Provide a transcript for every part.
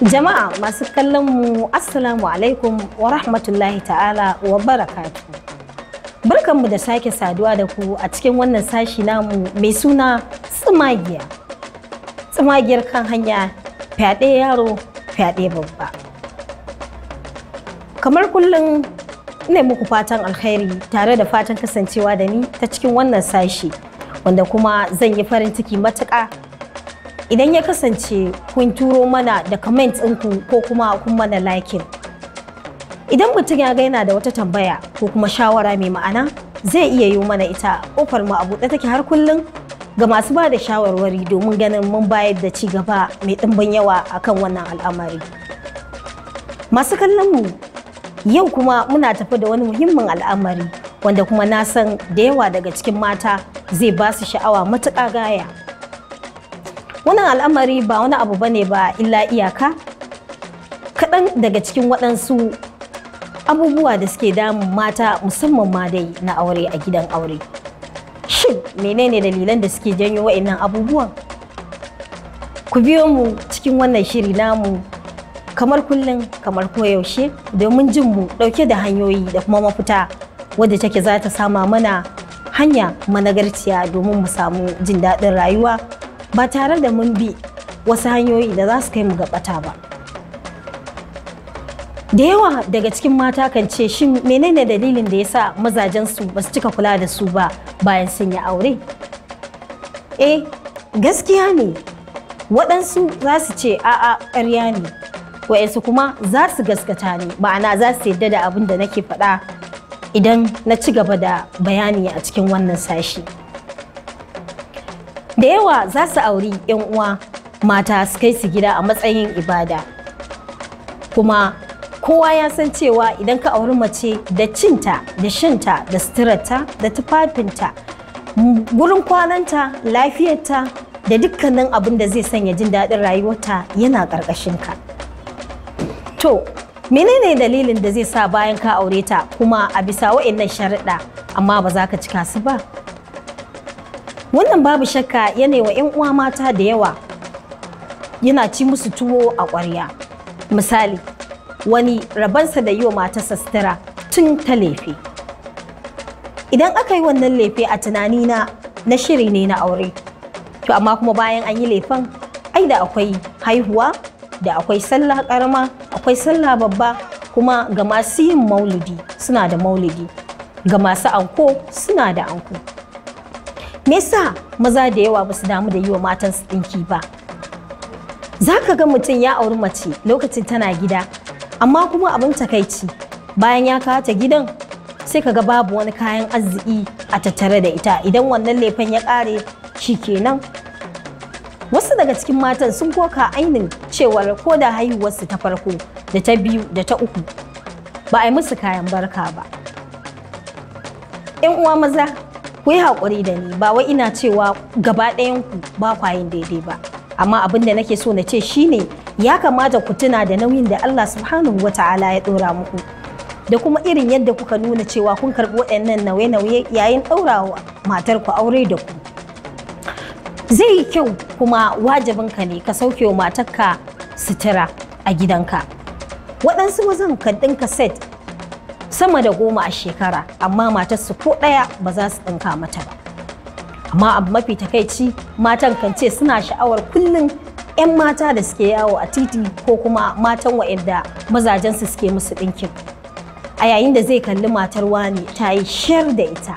Jama'a masu kallon mu Assalamu alaikum wa rahmatullahi ta'ala wa barakatu. Barkanmu da sake saduwa da ku a cikin wannan sashi namu mai suna tsumagiya. Tsumagiyar kan hanya fyaɗe yaro fyaɗe babba. Kamar kullum ne muku fatan alkhairi tare da fatan kasancewa da ni ta cikin wannan sashi wanda kuma zan yi farin ciki matuƙa idan ya kasance kun turo mana da comment ɗinku ko kuma kun mana liking idan mutum ya ga yana da wata tambaya ko kuma shawara mai ma'ana zai iya yi mana ita kofar mu a buɗe take har kullum ga masu ba da shawarwari domin ganin mun bayar da ci gaba mai ɗimbin yawa akan wannan al'amari masu kallon mu yau kuma muna tafi da wani muhimmin al'amari wanda kuma na san da yawa daga cikin mata zai ba su sha'awa matuƙa gaya wannan al'amari ba wani abu bane ba illa iyaka kaɗan daga cikin waɗansu abubuwa da suke damun mata musamman ma dai na aure a gidan aure shin menene dalilan da suke janyo wa'annan abubuwan ku biyo mu cikin wannan shiri namu kamar kullum kamar koyaushe domin jin mu ɗauke da hanyoyi da kuma mafita wadda take za ta sama mana hanya managarciya domin mu samu jin daɗin rayuwa ba tare da mun bi wasu hanyoyi da za su kai mu ga ba da yawa daga cikin mata kan ce shin menene dalilin da ya sa mazajen su ba su cika kula da su ba bayan sun yi aure eh gaskiya ne waɗansu za su ce a'a ƙarya ne wa'yansu kuma za su gaskata ne ma'ana za su yadda da abin da nake faɗa idan na ci gaba da bayani a cikin wannan sashi. da yawa za su auri 'yan uwa mata su kai su gida a matsayin ibada kuma kowa ya san cewa idan ka auri mace da cinta da shinta da suturarta da tufafinta gurin kwananta lafiyarta da dukkanin abin da zai sanya jin daɗin rayuwarta yana ka to menene dalilin da zai sa bayan ka aure ta kuma a bisa wa'annan sharaɗa amma ba za ka cika su ba wannan babu shakka yana wa 'yan uwa mata da yawa yana ci musu tuwo a ƙwarya misali wani rabansa da yi wa matarsa tun ta lefe idan aka yi wannan lefe a tunanina na shiri ne na aure to amma kuma bayan an yi lefen ai da akwai haihuwa da akwai sallah karama akwai sallah babba kuma ga masu yin maulidi suna da maulidi ga masu anko suna da anko me yasa maza da yawa ba su damu da yi wa matansu ɗinki ba za ka ga mutum ya auri mace lokacin tana gida amma kuma abin takaici bayan ya kawo ta gidan sai ka ga babu wani kayan arziki a tattare da ita idan wannan laifin ya ƙare shi kenan wasu daga cikin matan sun koka ainin cewar ko da haihuwarsu ta farko da ta biyu da ta uku ba a yi musu kayan barka ba 'yan uwa maza ku yi haƙuri da ni ba wai ina cewa gaba ɗayan ku ba kwayin daidai ba amma abin da nake so na ce shine ya kamata ku tuna da nauyin da Allah subhanahu wata'ala ya ɗora muku da kuma irin yadda kuka nuna cewa kun karɓi waɗannan nauye-nauye yayin ɗaurawa matar ku aure da ku zai yi kyau kuma wajibinka ne ka sauke wa matarka sutura a gidanka waɗansu mazan ka kaset. sama da goma a shekara amma matar su ko ɗaya ba za su ɗinka mata ba amma abu mafi takaici matan kan ce suna sha'awar kullum 'yan mata da suke yawo a titi ko kuma matan wa'anda mazajensu suke musu ɗinkin a yayin da zai kalli matar wani ta yi shar da ita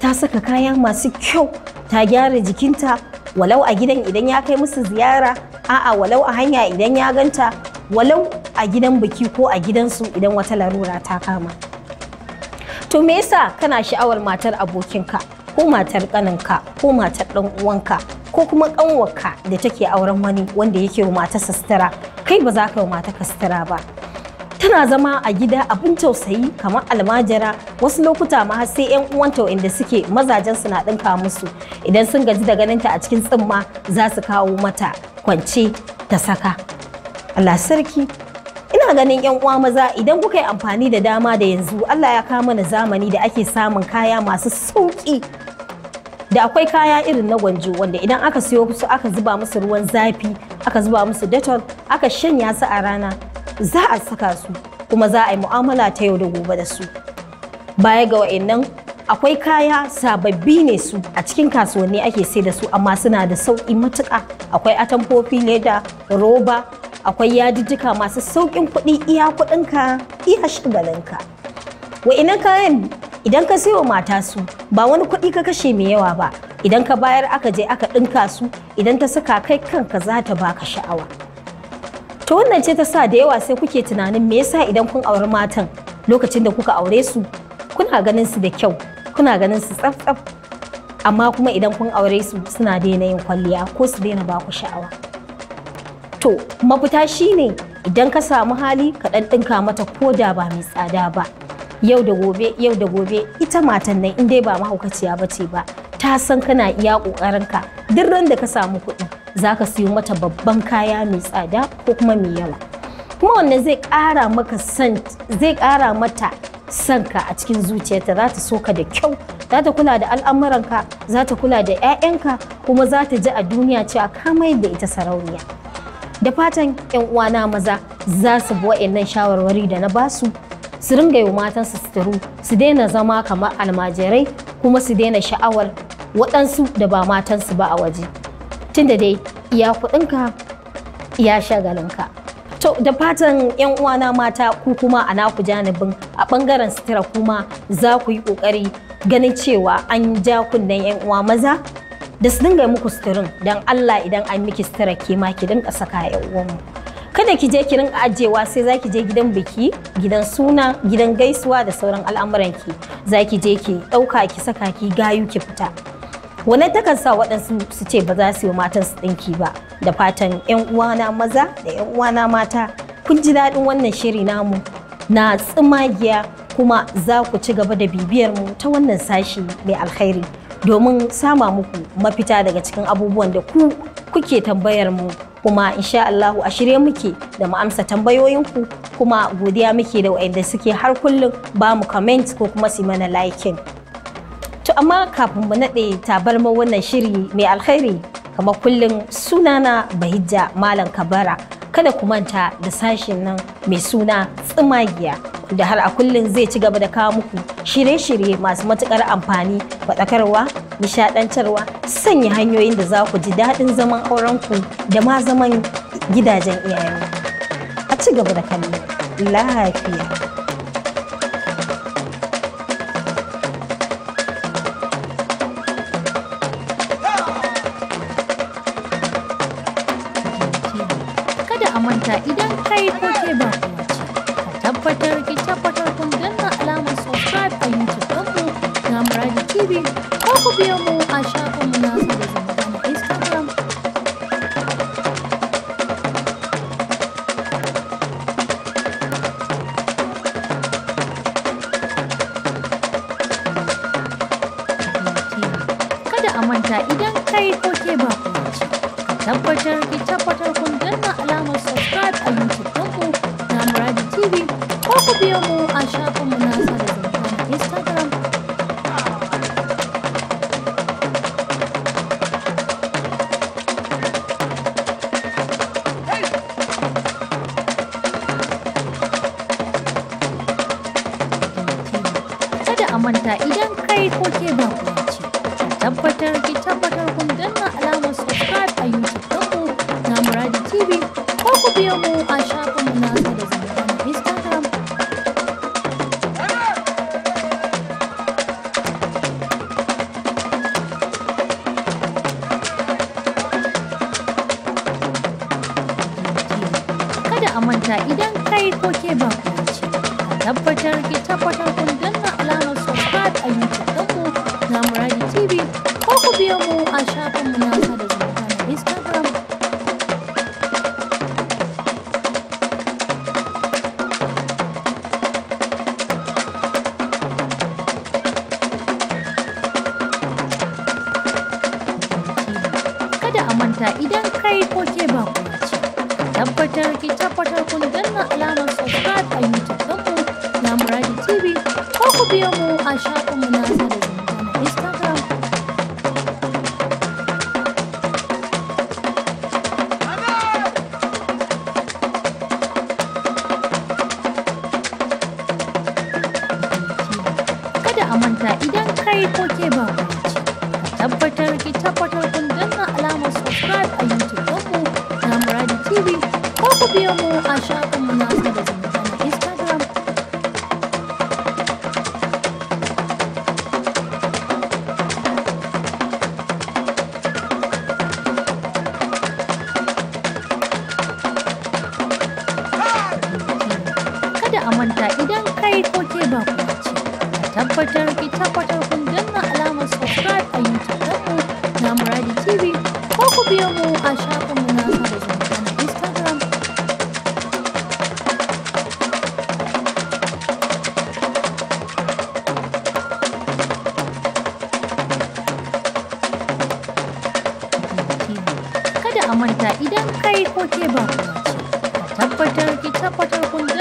ta saka kaya masu kyau ta gyara jikinta walau a gidan idan ya kai musu ziyara a'a walau a hanya idan ya ganta walau a gidan biki ko a gidansu idan wata larura ta kama. to me yasa kana sha'awar matar abokinka ko matar ƙaninka ko matar ɗan uwanka ko kuma ƙanwarka da take auren wani wanda yake wa matarsa sastara kai ba za ka yi matarka kastara ba tana zama a gida abin tausayi kamar almajira wasu lokuta ma har sai yan uwanta inda suke mazajen su na dinka musu idan sun gaji da ganinta a cikin tsimma za su kawo mata kwance ta saka Allah sarki ina ganin yan uwa maza idan kuka yi amfani da dama da yanzu Allah ya kawo mana zamani da ake samun kaya masu sauki da akwai kaya irin na gwanjo wanda idan aka siyo su aka zuba musu ruwan zafi aka zuba musu detol aka shanya su a rana za a saka su kuma za a yi mu'amala ta yau da gobe da su baya ga wa'annan akwai kaya sababbi ne su a cikin kasuwanni ake sai da su amma suna da sauƙi matuƙa akwai atamfofi leda roba akwai yadijjika masu sauƙin kuɗi iya kuɗinka iya shagalinka wa'inan kayan idan ka sayo mata su ba wani kuɗi ka kashe mai yawa ba idan ka bayar aka je aka ɗinka su idan ta saka kai kanka za ta baka sha'awa to wannan ce ta sa da yawa sai kuke tunanin me yasa idan kun auri matan lokacin da kuka aure su kuna ganin su da kyau kuna ganin su tsaf tsaf amma kuma idan kun aure su suna daina yin kwalliya ko su daina baku sha'awa to mafita ne idan ka samu hali ka ɗan ɗinka mata da ba mai tsada ba yau da gobe yau da gobe ita matan nan in dai ba mahaukaciya ba ce ba ta san kana iya ƙoƙarinka duk ran da ka samu kuɗi za ka siyo mata babban kaya mai tsada ko kuma mai yawa kuma wannan zai ƙara maka san zai ƙara mata sanka ka a cikin zuciyarta za ta so ka da kyau za ta kula da al'amuranka za ta kula da 'ya'yanka kuma za ta ji a duniya cewa ka mayar da ita sarauniya da fatan yan uwana maza za su bi wa'annan shawarwari da na basu su ringa yi su suturu su daina zama kamar almajirai kuma su daina sha'awar waɗansu da ba matansu ba a waje tunda dai iya kuɗinka iya shagalinka to da fatan yan uwana mata ku kuma a naku janibin a ɓangaren sutura kuma za ku yi ƙoƙari ganin cewa an ja kunnen yan uwa maza da su dinga muku sitirin don Allah idan an miki sitira ke ma ki dinga saka yan uwanmu kada ki je ki rinka ajewa sai zaki je gidan biki gidan suna gidan gaisuwa da sauran al'amuran ki zaki je ki ɗauka ki saka ki gayu ki fita wani takan sa waɗansu su ce ba za su yi matan su ɗinki ba da fatan yan uwana maza da yan uwana mata kun ji daɗin wannan shiri namu na tsumagiya kuma za ku ci gaba da bibiyar mu ta wannan sashi mai alkhairi domin sama muku mafita daga cikin abubuwan da ku kuke tambayar mu kuma insha Allahu a shirye muke da mu amsa tambayoyinku kuma godiya muke da waɗanda suke har kullum ba mu comment ko kuma su mana liking. To amma kafin mu naɗe tabarma wannan shiri mai alkhairi kamar kullum sunana Bahijja Malam Kabara kada ku manta da sashen nan mai suna Tsimagiya da har a kullum zai ci gaba da kawo muku shirye-shirye masu matukar amfani faɗakarwa nishaɗantarwa sanya hanyoyin da za ku ji daɗin zaman aurenku da ma zaman gidajen iyayen a ci gaba da kallo lafiya manta ko ku biyo mu a shafinmu na Instagram. Kada a manta idan kai ko ke ba ku mace, ka tabbatar ki tabbatar kun danna alamar subscribe a YouTube ɗinku na Muradi TV ko ku biyo mu a manta idan kai ko ke ba ku ka tabbatar ki tabbatar kun danna alamar subscribe a youtube mu na muradi tv ko ku biyo mu a shafin na sada zumunta na instagram kada a manta idan kai ko ke ba ku ce ka tabbatar ki tabbatar kun danna alamar Sa'ad Aliyu Dango na TV ko ku biyo mu a shafinmu na sada zumunta na Instagram. Kada a manta idan kai ko ke ba kuma ce, tabbatar ki tabbatar kun danna alamar subscribe a YouTube. Namuradi TV. Ko ku biyo mu a shafinmu Instagram. Kada a manta idan kai ko ke ba tabbatar ki tabbatar kun alamar subscribe a TV ko ku a काही खोटे बाबा पटल किचा पटल कोणतं